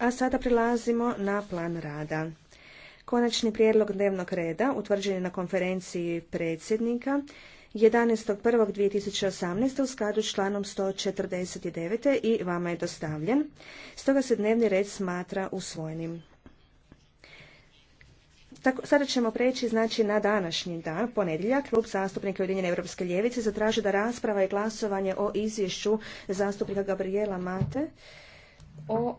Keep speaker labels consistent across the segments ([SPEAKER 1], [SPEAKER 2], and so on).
[SPEAKER 1] A sada prilazimo na plan rada. Konačni prijedlog dnevnog reda utvrđen je na konferenciji predsjednika 11.1.2018. u skladu s članom 149. i vama je dostavljen. Stoga se dnevni red smatra usvojenim. Tako, sada ćemo preći znači, na današnji dan, ponedjeljak. Klub zastupnika Ujedinjene Europske ljevice zatraži da rasprava i glasovanje o izvješću zastupnika Gabriela Mate o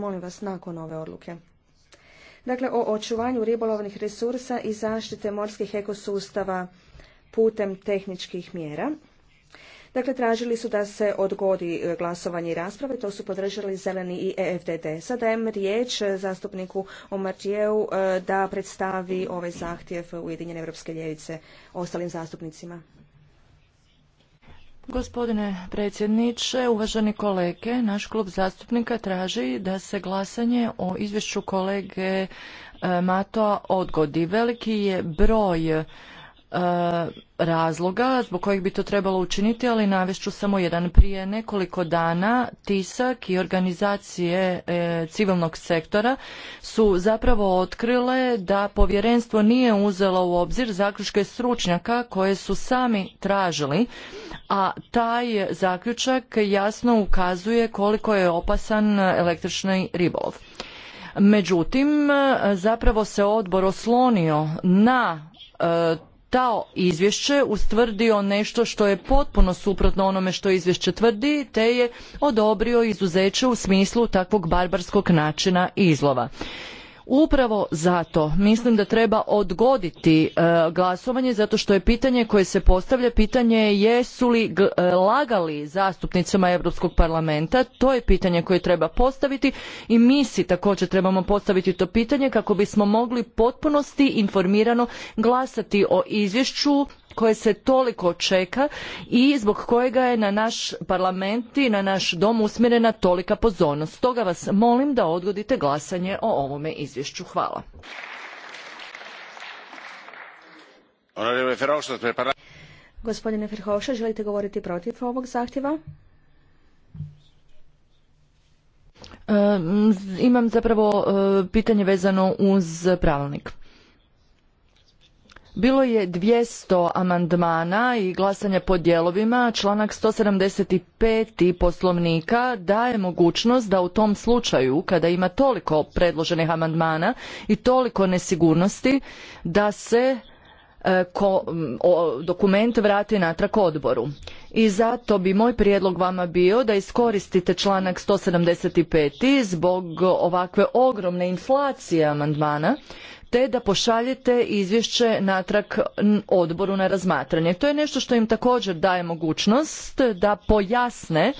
[SPEAKER 1] molim vas nakon ove odluke. Dakle, o očuvanju ribolovnih resursa i zaštite morskih ekosustava putem tehničkih mjera. Dakle, tražili su da se odgodi e, glasovanje i rasprave, to su podržali Zeleni i EFDD. Sada je riječ e, zastupniku Omartijevu e, da predstavi ovaj zahtjev Ujedinjene Europske ljevice ostalim zastupnicima.
[SPEAKER 2] Gospodine predsjedniče, uvaženi kolege, naš klub zastupnika traži da se glasanje o izvješću kolege e, Matoa odgodi. Veliki je broj razloga zbog kojih bi to trebalo učiniti, ali navešću samo jedan. Prije nekoliko dana tisak i organizacije e, civilnog sektora su zapravo otkrile da povjerenstvo nije uzelo u obzir zaključke stručnjaka koje su sami tražili, a taj zaključak jasno ukazuje koliko je opasan električni ribolov. Međutim, zapravo se odbor oslonio na e, to izvješće ustvrdio nešto što je potpuno suprotno onome što izvješće tvrdi te je odobrio izuzeće u smislu takvog barbarskog načina izlova. Upravo zato mislim da treba odgoditi e, glasovanje zato što je pitanje koje se postavlja pitanje jesu li e, lagali zastupnicima Europskog parlamenta. To je pitanje koje treba postaviti i mi si također trebamo postaviti to pitanje kako bismo mogli potpunosti informirano glasati o izvješću koje se toliko čeka i zbog kojega je na naš parlament i na naš dom usmjerena tolika pozornost. Stoga vas molim da odgodite glasanje o ovome izvješću. Hvala. Gospodine Ferhoša, želite govoriti protiv
[SPEAKER 1] ovog zahtjeva?
[SPEAKER 2] E, imam zapravo e, pitanje vezano uz pravilnik. Bilo je 200 amandmana i glasanje po dijelovima. Članak 175. poslovnika daje mogućnost da u tom slučaju, kada ima toliko predloženih amandmana i toliko nesigurnosti, da se e, dokument vrati natrag odboru. I zato bi moj prijedlog vama bio da iskoristite članak 175. zbog ovakve ogromne inflacije amandmana te da pošaljete izvješće natrag odboru na razmatranje. To je nešto što im također daje mogućnost da pojasne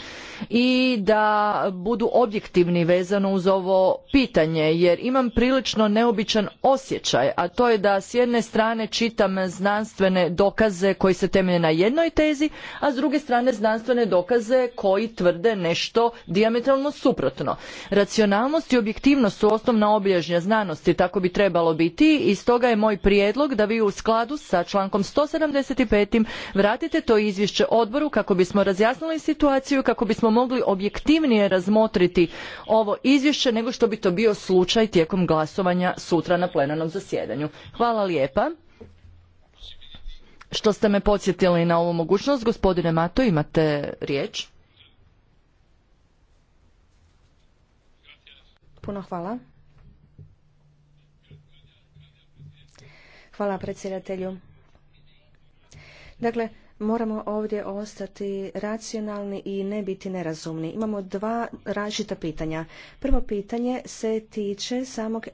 [SPEAKER 2] i da budu objektivni vezano uz ovo pitanje jer imam prilično neobičan osjećaj, a to je da s jedne strane čitam znanstvene dokaze koji se temelje na jednoj tezi, a s druge strane znanstvene dokaze koji tvrde nešto diametralno suprotno. Racionalnost i objektivnost su osnovna obilježja znanosti, tako bi trebalo biti biti i stoga je moj prijedlog da vi u skladu sa člankom 175. vratite to izvješće odboru kako bismo razjasnili situaciju, kako bismo mogli objektivnije razmotriti ovo izvješće nego što bi to bio slučaj tijekom glasovanja sutra na plenarnom zasjedanju. Hvala lijepa. Što ste me podsjetili na ovu mogućnost, gospodine Mato, imate riječ.
[SPEAKER 1] Puno hvala. Hvala predsjedatelju. Dakle, moramo ovdje ostati racionalni i ne biti nerazumni. Imamo dva različita pitanja. Prvo pitanje se tiče samog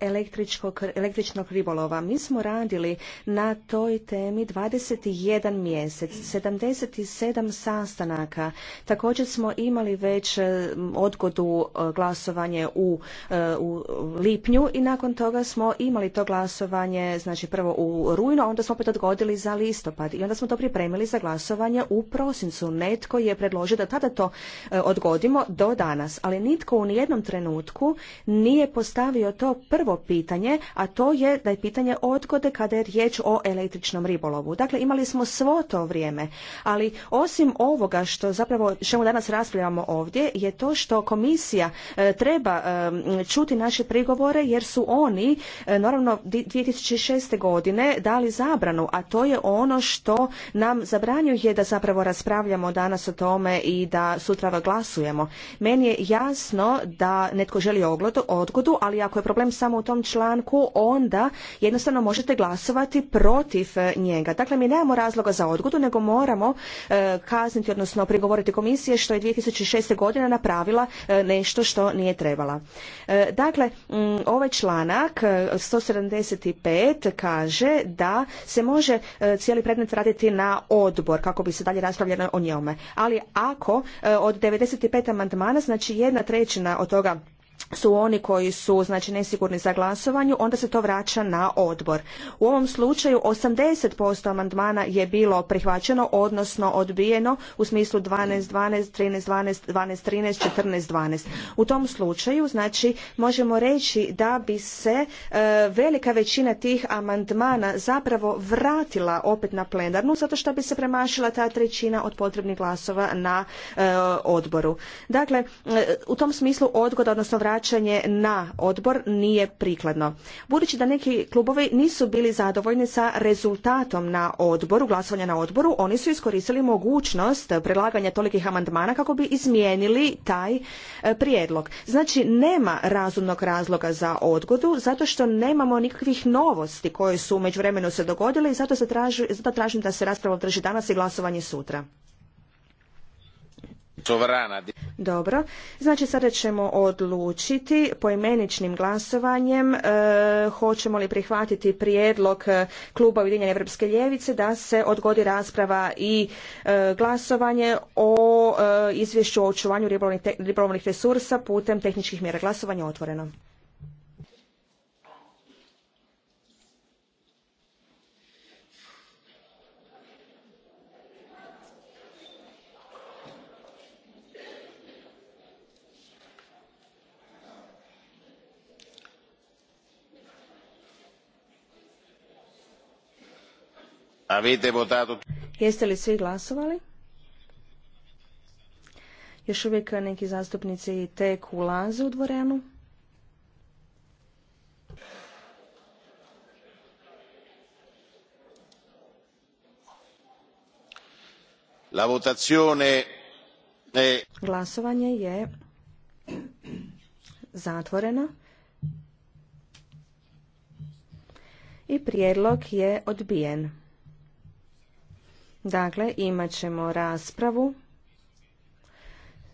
[SPEAKER 1] električnog ribolova. Mi smo radili na toj temi 21 mjesec, 77 sastanaka. Također smo imali već e, odgodu e, glasovanje e, u, lipnju i nakon toga smo imali to glasovanje, znači prvo u rujnu, onda smo opet odgodili za listopad i onda smo to pripremili za glasovanje glasovanja u prosincu. Netko je predložio da tada to e, odgodimo do danas, ali nitko u nijednom trenutku nije postavio to prvo pitanje, a to je da je pitanje odgode kada je riječ o električnom ribolovu. Dakle, imali smo svo to vrijeme, ali osim ovoga što zapravo čemu danas raspravljamo ovdje je to što komisija e, treba e, čuti naše prigovore jer su oni naravno 2006. godine dali zabranu, a to je ono što nam zabranjuje je da zapravo raspravljamo danas o tome i da sutra glasujemo. Meni je jasno da netko želi odgodu, ali ako je problem samo u tom članku, onda jednostavno možete glasovati protiv e, njega. Dakle, mi nemamo razloga za odgodu, nego moramo e, kazniti, odnosno prigovoriti komisije što je 2006. godina napravila e, nešto što nije trebala. dakle, ovaj članak 175 kaže da se može cijeli predmet raditi na odbor odbor kako bi se dalje raspravljalo o njome. Ali ako e, od 95 amandmana, znači jedna trećina od toga su oni koji su znači nesigurni za glasovanju, onda se to vraća na odbor. U ovom slučaju 80% amandmana je bilo prihvaćeno, odnosno odbijeno u smislu 12, 12, 13, 12, 12, 13, 14, 12. U tom slučaju, znači, možemo reći da bi se e, velika većina tih amandmana zapravo vratila opet na plenarnu, zato što bi se premašila ta trećina od potrebnih glasova na e, odboru. Dakle, e, u tom smislu odgoda, odnosno na odbor nije prikladno. Budući da neki klubovi nisu bili zadovoljni sa rezultatom na odboru, glasovanja na odboru, oni su iskoristili mogućnost predlaganja tolikih amandmana kako bi izmijenili taj e, prijedlog. Znači, nema razumnog razloga za odgodu zato što nemamo nikakvih novosti koje su u međuvremenu se dogodile i zato, se tražim da se rasprava održi danas i glasovanje sutra. Dobro, znači sada ćemo odlučiti poimeničnim glasovanjem e, hoćemo li prihvatiti prijedlog e, kluba Ujedinjene Evropske ljevice da se odgodi rasprava i e, glasovanje o izvješću o očuvanju ribolovnih, resursa putem tehničkih mjera. Glasovanje otvoreno. Jeste li svi glasovali? Još uvijek neki zastupnici tek ulaze u dvorenu.
[SPEAKER 3] La votazione
[SPEAKER 1] Glasovanje je zatvoreno. I prijedlog je odbijen. Dakle, imat ćemo raspravu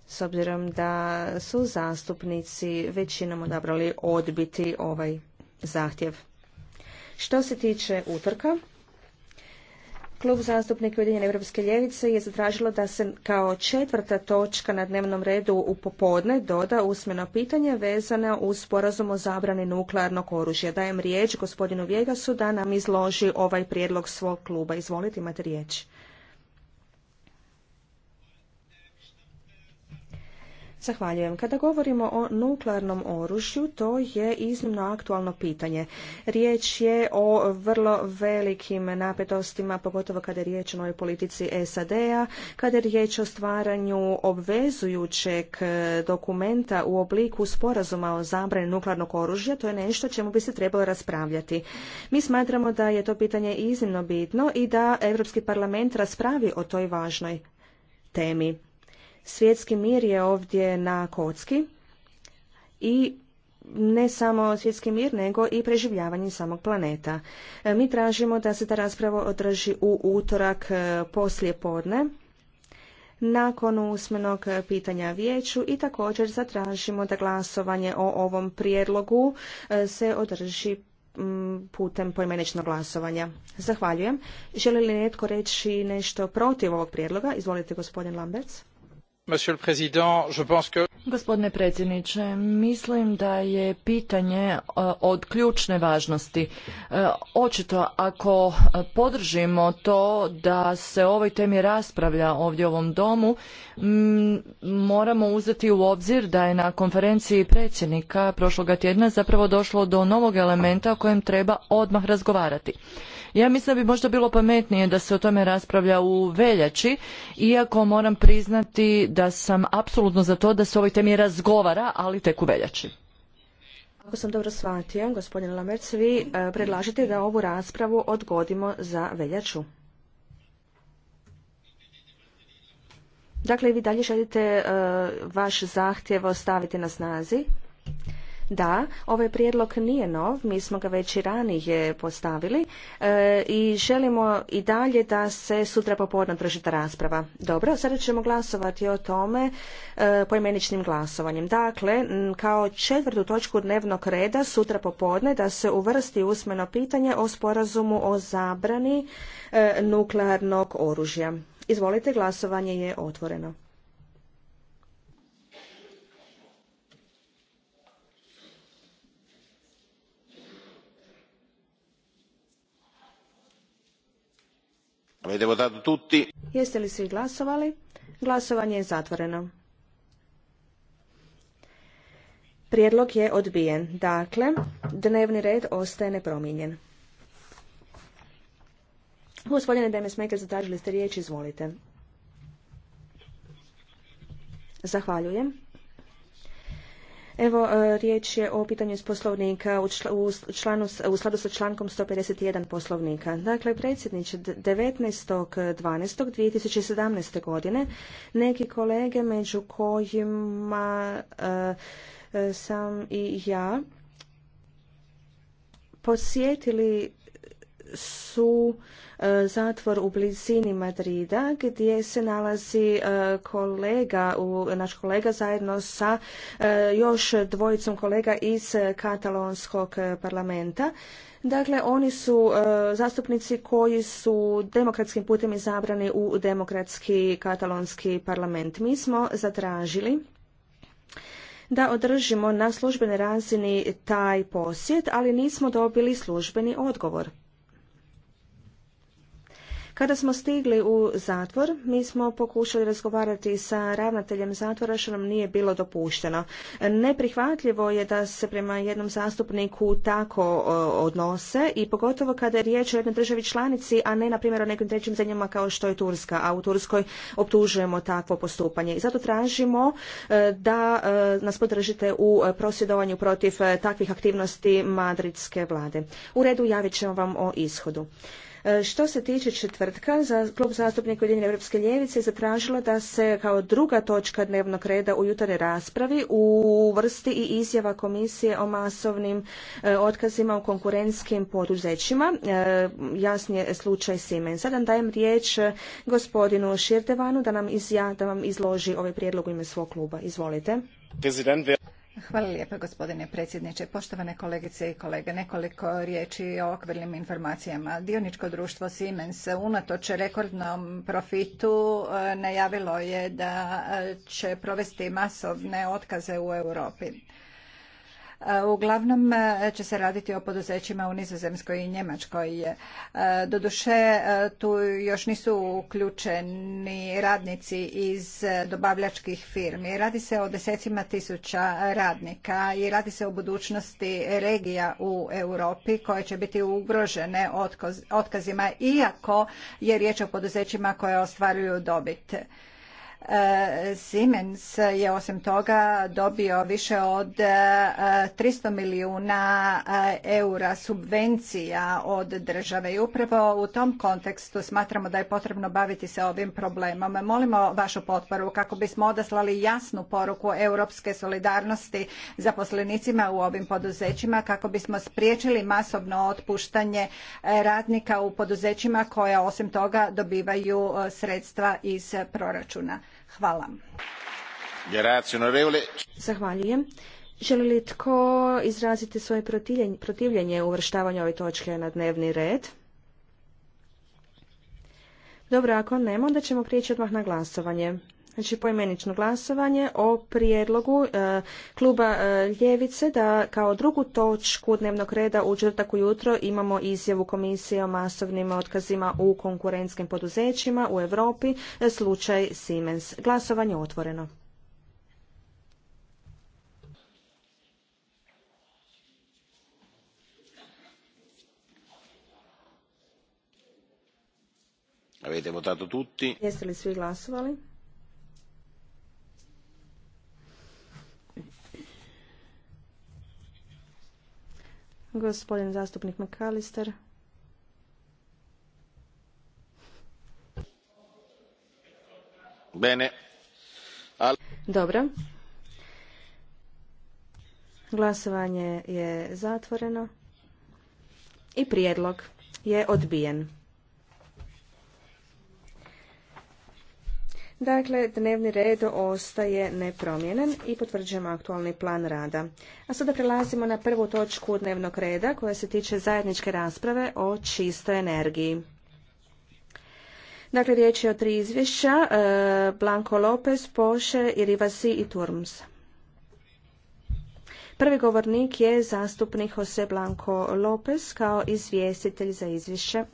[SPEAKER 1] s obzirom da su zastupnici većinom odabrali odbiti ovaj zahtjev. Što se tiče utrka, Klub zastupnika Ujedinjene Europske ljevice je zatražilo da se kao četvrta točka na dnevnom redu u popodne doda usmeno pitanje vezano uz sporazum o zabrani nuklearnog oružja. Dajem riječ gospodinu Vjegasu da nam izloži ovaj prijedlog svog kluba. Izvolite, imate riječ. Zahvaljujem. Kada govorimo o nuklearnom oružju, to je iznimno aktualno pitanje. Riječ je o vrlo velikim napetostima, pogotovo kada je riječ o politici SAD-a, kada je riječ o stvaranju obvezujućeg e, dokumenta u obliku sporazuma o zabrani nuklearnog oružja, to je nešto čemu bi se trebalo raspravljati. Mi smatramo da je to pitanje iznimno bitno i da Europski parlament raspravi o toj važnoj temi. Svjetski mir je ovdje na kocki i ne samo svjetski mir, nego i preživljavanje samog planeta. E, mi tražimo da se ta rasprava održi u utorak e, poslije podne, nakon usmenog pitanja vijeću i također zatražimo da glasovanje o ovom prijedlogu e, se održi putem poimeničnog glasovanja. Zahvaljujem. Želi li netko reći nešto protiv ovog prijedloga? Izvolite gospodin Lambec.
[SPEAKER 2] Gospodine predsjedniče, mislim da je pitanje e, od ključne važnosti. E, očito ako e, podržimo to da se o ovoj temi raspravlja ovdje u ovom domu, moramo uzeti u obzir da je na konferenciji predsjednika prošloga tjedna zapravo došlo do novog elementa o kojem treba odmah razgovarati. Ja mislim da bi možda bilo pametnije da se o tome raspravlja u veljači, iako moram priznati da sam apsolutno za to da se o ovoj temi razgovara, ali tek u veljači.
[SPEAKER 1] Ako sam dobro shvatio, gospodin Lamerc, vi e, predlažete da ovu raspravu odgodimo za veljaču. Dakle, vi dalje želite e, vaš zahtjev ostaviti na snazi. Da, ovaj prijedlog nije nov, mi smo ga već i ranije postavili e, i želimo i dalje da se sutra popodno održi ta rasprava. Dobro, sada ćemo glasovati o tome e, glasovanjem. Dakle, kao četvrtu točku dnevnog reda sutra popodne da se uvrsti usmeno pitanje o sporazumu o zabrani e, nuklearnog oružja. Izvolite, glasovanje je otvoreno. Jeste li svi glasovali? Glasovanje je zatvoreno. Prijedlog je odbijen. Dakle, dnevni red ostaje nepromijenjen. Gospodine Demesmeke, zatražili ste riječ, izvolite. Zahvaljujem. Evo, e, riječ je o pitanju iz poslovnika u, skladu sa člankom 151 poslovnika. Dakle, predsjedniče, 19.12.2017. godine neki kolege među kojima e, e, sam i ja posjetili su e, zatvor u blizini Madrida gdje se nalazi e, kolega, naš kolega zajedno sa e, još dvojicom kolega iz katalonskog parlamenta. Dakle, oni su zastupnici koji su demokratskim putem izabrani u demokratski katalonski parlament. Mi smo zatražili da održimo na službenoj razini taj posjet, ali nismo dobili službeni odgovor. Kada smo stigli u zatvor, mi smo pokušali razgovarati sa ravnateljem zatvora što nam nije bilo dopušteno. Neprihvatljivo je da se prema jednom zastupniku tako odnose i pogotovo kada je riječ o jednoj državi članici, a ne na primjer o nekim trećim zemljama kao što je Turska, a u Turskoj optužujemo takvo postupanje. I zato tražimo e, da e, nas podržite u prosvjedovanju protiv e, takvih aktivnosti madridske vlade. U redu javit ćemo vam o ishodu. E, što se tiče četvrtka, za klub zastupnika Ujedinjene Europske ljevice je zatražila da se kao druga točka dnevnog reda u jutarnjoj raspravi uvrsti i izjava komisije o masovnim e, otkazima u konkurentskim poduzećima. E, Jasnije slučaj Simen. Sada dajem riječ gospodinu Širdevanu da nam, vam izloži
[SPEAKER 3] ovaj prijedlog u ime svog kluba. Izvolite. Hvala lijepa gospodine predsjedniče. Poštovane kolegice i kolege, nekoliko riječi o okvirnim informacijama. Dioničko društvo Siemens unatoč rekordnom profitu najavilo je da će provesti masovne otkaze u Europi. Eh, uglavnom eh, će se raditi o poduzećima u Nizozemskoj i Njemačkoj. Eh, doduše, tu još nisu uključeni radnici iz dobavljačkih firmi. Radi se o desecima tisuća radnika i radi se o budućnosti regija u Europi koje će biti ugrožene otkazima, iako je riječ o poduzećima koja ostvaruju dobit. Siemens je osim toga dobio više od 300 e, milijuna e, eura subvencija od države i upravo u tom kontekstu smatramo da je potrebno baviti se ovim problemom. Molimo vašu potporu kako bismo odaslali jasnu poruku europske solidarnosti zaposlenicima u ovim poduzećima kako bismo spriječili masovno otpuštanje e, radnika u poduzećima koja osim toga dobivaju sredstva iz proračuna. Hvala. Zahvaljujem. Želi li tko
[SPEAKER 1] izraziti svoje protivljenje uvrštavanja ove točke na dnevni red? Dobro, ako nema, onda ćemo prijeći odmah na glasovanje. Znači poimenično glasovanje o prijedlogu e, kluba e, Ljevice da kao drugu točku dnevnog reda u četvrtak ujutro imamo izjavu komisije o masovnim otkazima u konkurentskim poduzećima u Europi e, slučaj Siemens. Glasovanje otvoreno.
[SPEAKER 3] Avete votato tutti?
[SPEAKER 1] Jeste li svi glasovali? Gospodin zastupnik McAllister. Bene. Dobro. Glasovanje je zatvoreno i prijedlog je odbijen. Dakle, dnevni red ostaje nepromjenen i potvrđujemo aktualni plan rada. A sada prelazimo na prvu točku dnevnog reda koja se tiče zajedničke rasprave o čistoj energiji. Dakle, riječ je o tri izvješća, e, Blanco Lopez, Poše, Irivasi i Turms. Prvi govornik je zastupnik Jose Blanco Lopez kao izvjestitelj za izvješće